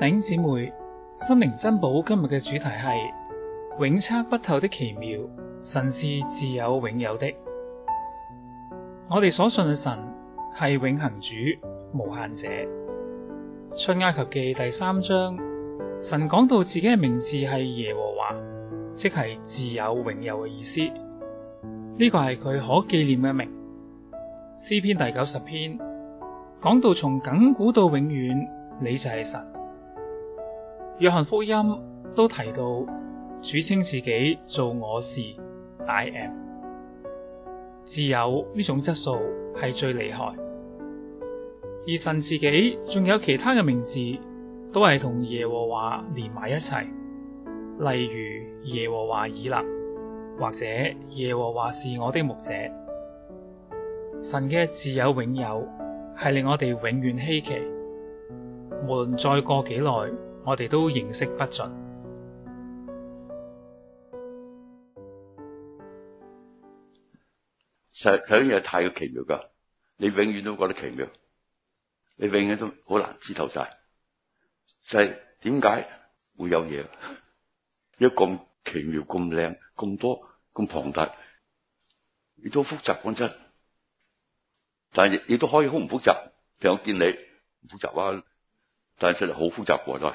弟兄姊妹，心靈珍寶今日嘅主題係永測不透的奇妙，神是自有永有的。我哋所信嘅神係永恆主、無限者。出埃及記第三章，神講到自己嘅名字係耶和華，即係自有永有嘅意思。呢個係佢可紀念嘅名。詩篇第九十篇講到從亙古到永遠，你就係神。約翰福音都提到主稱自己做我是 I am，自有呢種質素係最厲害。而神自己仲有其他嘅名字，都係同耶和華連埋一齊，例如耶和華以勒，或者耶和華是我的牧者。神嘅自有永有係令我哋永遠稀奇，無論再過幾耐，我哋都認識不盡，實嗰啲嘢太奇妙㗎。你永遠都覺得奇妙，你永遠都好難知透曬，就係點解會有嘢？一個咁奇妙、咁靚、咁多、咁龐大，亦都複雜，講真，但係亦都可以好唔複雜。譬如我見你唔複雜啊！但係實在好複雜㗎都係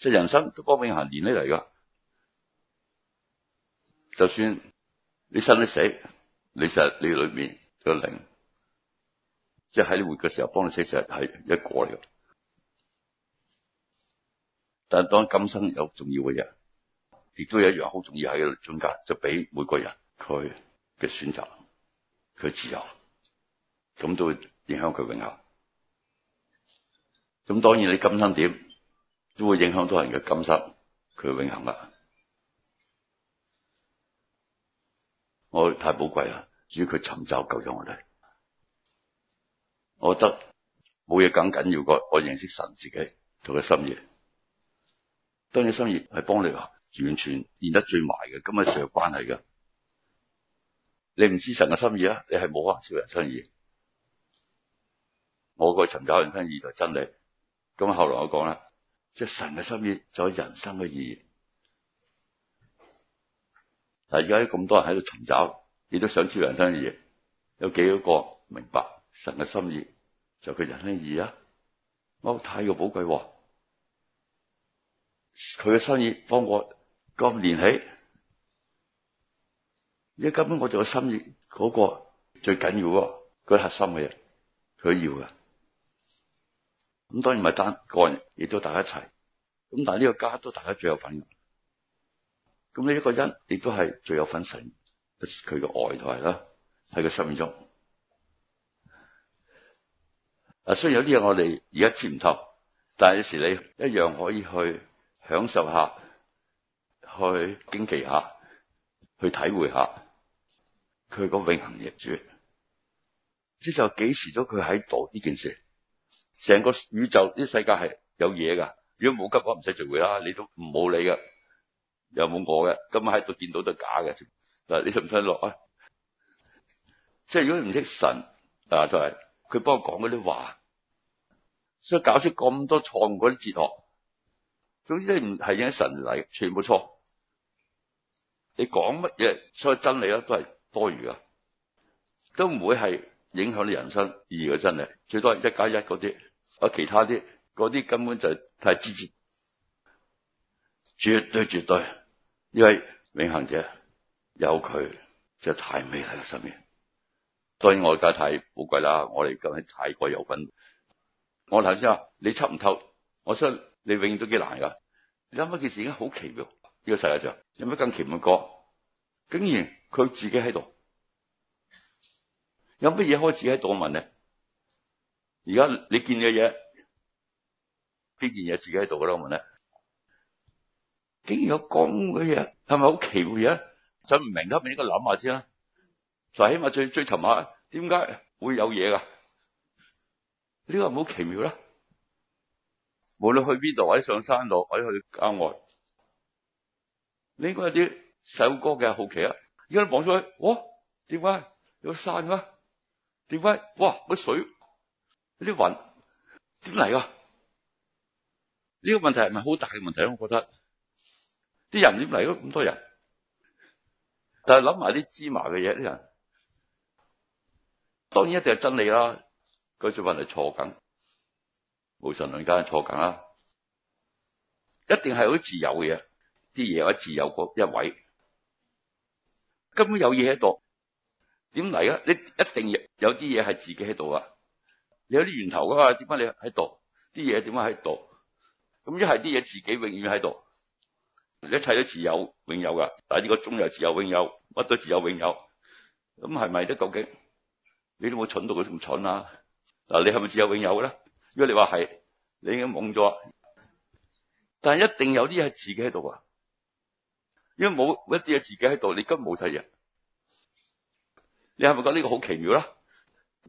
即係人生都幫永恆連起嚟噶，就算你生你死，你實你裏面個靈，即係喺你活嘅時候幫你死，成、就、係、是、一個嚟。但係當今生有重要嘅嘢，亦都有一樣好重要喺中間，就俾每個人佢嘅選擇，佢自由，咁都會影響佢永恆。咁當然你今生點，都會影響到人嘅感受，佢永恆啊！我太寶貴啦，至於佢尋找救咗我哋，我覺得冇嘢更緊要過我認識神自己做佢心意。當然，心意係幫你完全練得最埋嘅，咁啊最有關係噶。你唔知神嘅心意啊？你係冇啊，少人心意。我個尋找人生意就係真理。咁後來我講啦。即係神嘅心意就係、是、人生嘅意義。嗱，而家咁多人喺度尋找，亦都想知人生嘅意義，有幾多個明白神嘅心意就佢、是、人生意義啊？我太過寶貴，佢嘅心意幫我咁連起，而家根本我就有心意嗰個最緊要喎，佢、那個、核心嘅嘢，佢要噶。咁當然唔係單個人，亦都大家一齊。咁但係呢個家都大家最有份。咁呢一個恩，亦都係最有份承佢個外台啦，喺佢生命中。啊，雖然有啲嘢我哋而家測唔透，但係有時你一樣可以去享受一下，去驚奇下，去體會一下佢個永恆嘅主。即就幾時都佢喺度呢件事？成個宇宙呢世界係有嘢㗎。如果冇急，我唔使聚會啦。你都唔好理㗎，又冇我嘅。今日喺度見到都係假嘅。嗱，你信唔信落啊？即係如果你唔識神，嗱就係佢幫我講嗰啲話，所以搞出咁多錯誤嗰啲哲學。總之你唔係因神嚟，全部錯。你講乜嘢所以真理啦，都係多餘啊，都唔會係影響你人生意義嘅真理。最多一加一嗰啲。啊！其他啲嗰啲根本就太支持，絕對絕對因為永恆者有佢，就太美麗啦！身邊對外界太寶貴啦，我哋今日太過有份。我頭先話你出唔透，我想你永遠都幾難噶。你諗一件事，已經好奇妙呢，這個世界上有乜更奇妙過？竟然佢自己喺度，有乜嘢開始喺度問呢？而家你見嘅嘢，呢件嘢自己喺度噶咯，我問咧，竟然有咁嘅嘢，係咪好奇妙嘢？就唔明得你應該諗下先啦。就起碼最最尋下，點解會有嘢噶？呢個係好奇妙啦。無論去邊度或者上山度或者去郊外，你應該有啲細路哥嘅好奇啦。而家望出去，哇，點解有山㗎？點解哇，乜水？呢啲雲點嚟㗎？呢個問題係咪好大嘅問題？我覺得啲人點嚟㗎？咁多人，但係諗埋啲芝麻嘅嘢，啲人當然一定係真理啦。佢仲混嚟錯緊，無神論家係錯緊啦。一定係好自由嘅嘢，啲嘢喺自由個一位，根本有嘢喺度，點嚟啊？你一定有啲嘢係自己喺度啊！你有啲源頭噶，點解你喺度？啲嘢點解喺度？咁一係啲嘢自己永遠喺度，一切都自有永有噶。但係呢個中又自有永有，乜都自有永有。咁係咪得？究竟你有有都冇蠢到佢咁蠢啦？嗱，你係咪自有永有咧？如果你話係，你已經懵咗。但係一定有啲嘢自己喺度啊！因為冇一啲嘢自己喺度，你根本冇人。你係咪覺得呢個好奇妙啦？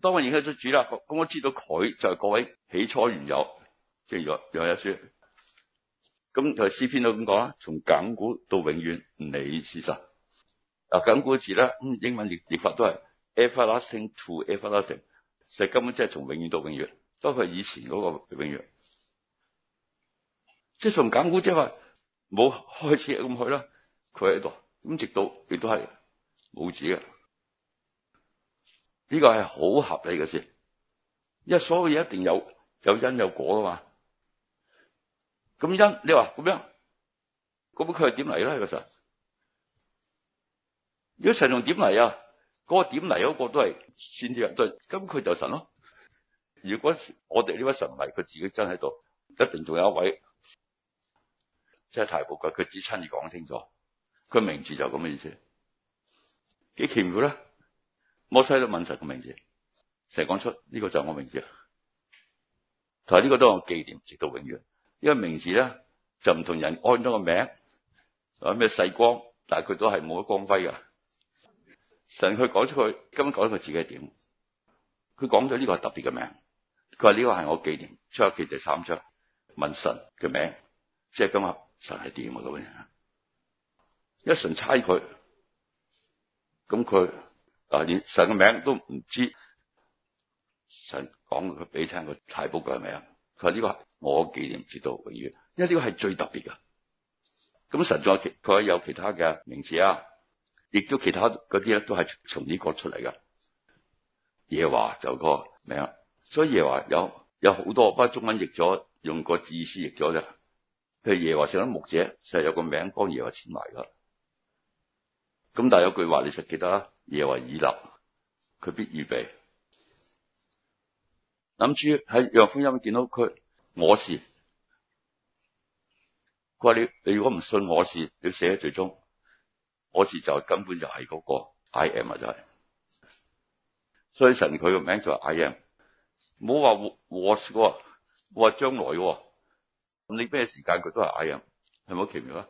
當然我認識咗主啦，咁我知道佢就係各位起初原有，即係約約一書。咁就詩篇都咁講啦：「從簡古到永遠，你事實。」嗱，簡古字咧，咁英文譯譯法都係 everlasting to everlasting，就根本即係從永遠到永遠，包括以前嗰個永遠。即係從簡古，即係話冇開始咁去啦，佢喺度，咁直到亦都係冇止嘅。呢、這個係好合理嘅事，因為所有嘢一定有有因有果噶嘛。咁因你話咁樣，咁佢係點嚟咧？這個神，如果神仲點嚟啊？嗰、那個點嚟嗰個都係先天，就咁佢就神咯。如果我哋呢位神唔係佢自己真喺度，一定仲有一位，即係太寶貴，佢只親自講清楚，佢名字就咁嘅意思，幾奇妙咧！摩西都問神個名字，成日講出呢個就係我名字，同埋呢個都係我紀念，直到永遠。因為名字咧就唔同人按咗個名，有咩細光，但係佢都係冇乜光輝噶。神佢講出佢根本講咗佢自己係點，佢講咗呢個係特別嘅名，佢話呢個係我紀念。出埃及記第三章，問神嘅名，即係今日神係點嘅道理。一神猜佢，咁佢。但連神嘅名都唔知，神講佢俾聽個太僕嘅名啊！佢話呢個我紀念唔知道，寶寶的的永遠，因為呢個係最特別嘅。咁神仲有其佢有其他嘅名字啊，亦都其他嗰啲咧都係從呢個出嚟嘅。耶華就個名，所以耶華有有好多，不過中文譯咗，用個字意思譯咗啫。譬如耶華成啲牧者，成日有個名，幫耶華簽埋噶。咁但係有句話，你實記得啦，耶和華以勒，佢必預備。諗住喺約翰福音見到佢，我是佢話你，你如果唔信我是，你死喺罪中，我是就是根本就係嗰、那個 I am 啊，就係、是。所以神佢個名就係 I am，唔好話我我嗰個，唔好話將來喎。咁你咩時間佢都係 I am，係咪好奇妙啊？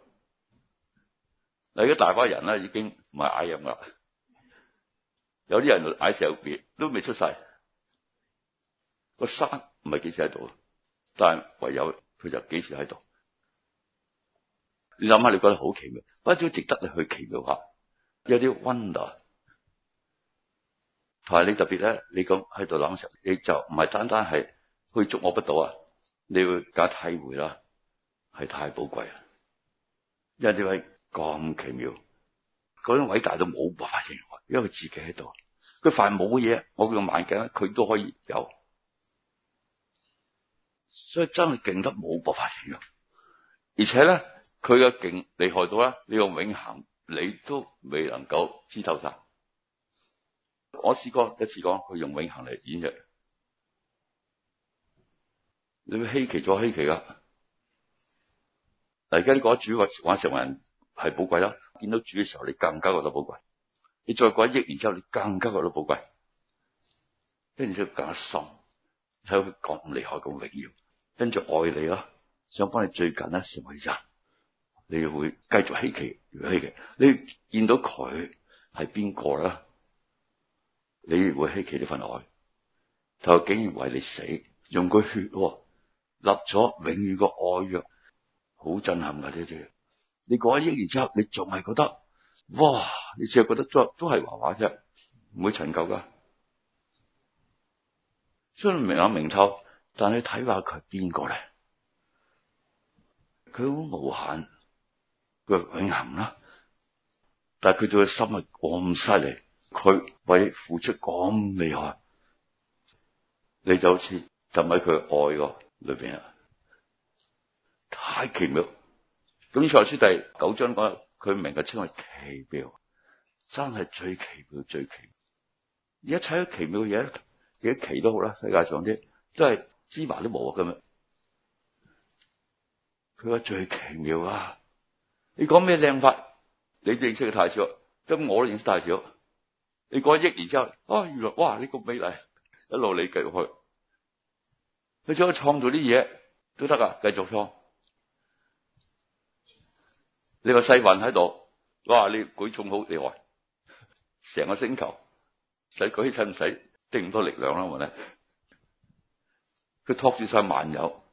你依家大班人咧，已經唔係矮人啦。有啲人矮四六 B，都未出世。個山唔係幾時喺度，但係唯有佢就幾時喺度。你諗下，你覺得好奇妙，不嬲值得你去奇妙下。有啲 wonder，同埋你特別咧，你咁喺度諗時，你就唔係單單係去捉摸不到啊，你會搞體會啦，係太寶貴啦，因為你係。咁奇妙，嗰種偉大到冇辦法形容，因為佢自己喺度。佢凡冇嘅嘢，我用望鏡，佢都可以有，所以真係勁得冇辦法形容。而且咧，佢嘅勁厲害到咧，你用永恒，你都未能夠知透晒。我試過一次講，佢用永恒嚟演繹，你會稀奇咗稀奇啦。嚟緊嗰個主角，話成人。係寶貴啦！見到主嘅時候，你更加覺得寶貴。你再過一億，然之後你更加覺得寶貴。跟住更加心睇到佢咁厲害、咁榮耀，跟住愛你啦，想幫你最近咧成為人，你會繼續稀奇，越稀奇。你見到佢係邊個啦？你越會稀奇呢份愛。佢竟然為你死，用個血立咗永遠個愛約，好震撼噶呢啲。你過一億年之後，你仲係覺得哇？你只係覺得都係話話啫，唔會陳舊噶。雖然明眼明透，但你睇下佢係邊個咧？佢好無限，佢永恒啦。但係佢做嘅心係咁犀利，佢為你付出咁厲害，你就好似浸喺佢愛個裏邊啊！太奇妙。咁《賽書》第九章講，佢名嘅稱為奇妙，真係最奇妙、最奇妙。一切奇妙嘅嘢，幾奇都好啦。世界上啲真係芝麻都冇咁樣。佢話最奇妙啊！你講咩靚法，你都認識嘅太少，咁我都認識太少。你過一億年之後，啊原來哇呢、這個美麗，一路你繼續去，佢想再創造啲嘢都得啊，繼續創。你個細運喺度，哇！你舉重好厲害，成個星球使舉起身唔使，定唔多力量啦，我哋。佢托住晒萬有，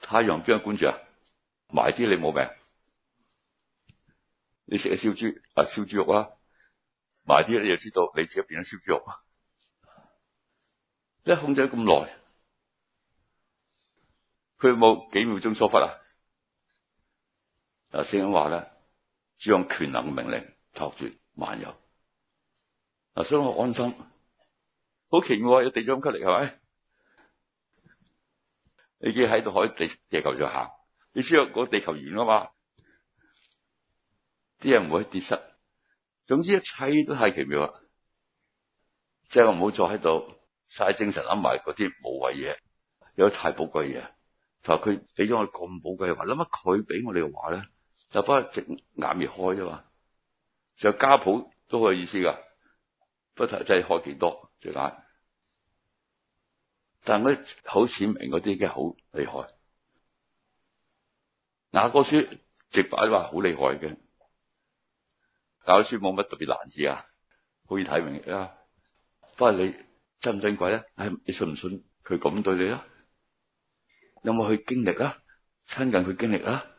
太陽邊個管住啊？埋啲你冇命，你食嘅燒豬啊燒豬肉啦，埋啲你就知道你自己變咗燒豬肉，啊。一控制咗咁耐，佢冇幾秒鐘疏忽啊？嗱，聖經話咧，將權能的命令托住萬有。嗱，所以我安心，好奇，奇妙！有地心吸力係咪？你見喺度海地地球上行，你知道嗰個地球圓啊嘛？啲人唔會跌失。總之一切都太奇妙啦！即係我唔好再喺度嘥精神諗埋嗰啲無謂嘢，有啲太寶貴嘢。就佢俾咗我咁寶貴嘅話，諗下佢俾我哋嘅話咧？就不過隻眼未開啫嘛，就家譜都好有意思噶，不過真係開幾多隻眼。但係嗰啲好淺明嗰啲嘅好厲害，雅歌書直白話好厲害嘅，雅歌書冇乜特別難字啊，可以睇明啊。不過你真唔真鬼咧？你信唔信佢咁對你咧？有冇去經歷啊？親近佢經歷啊？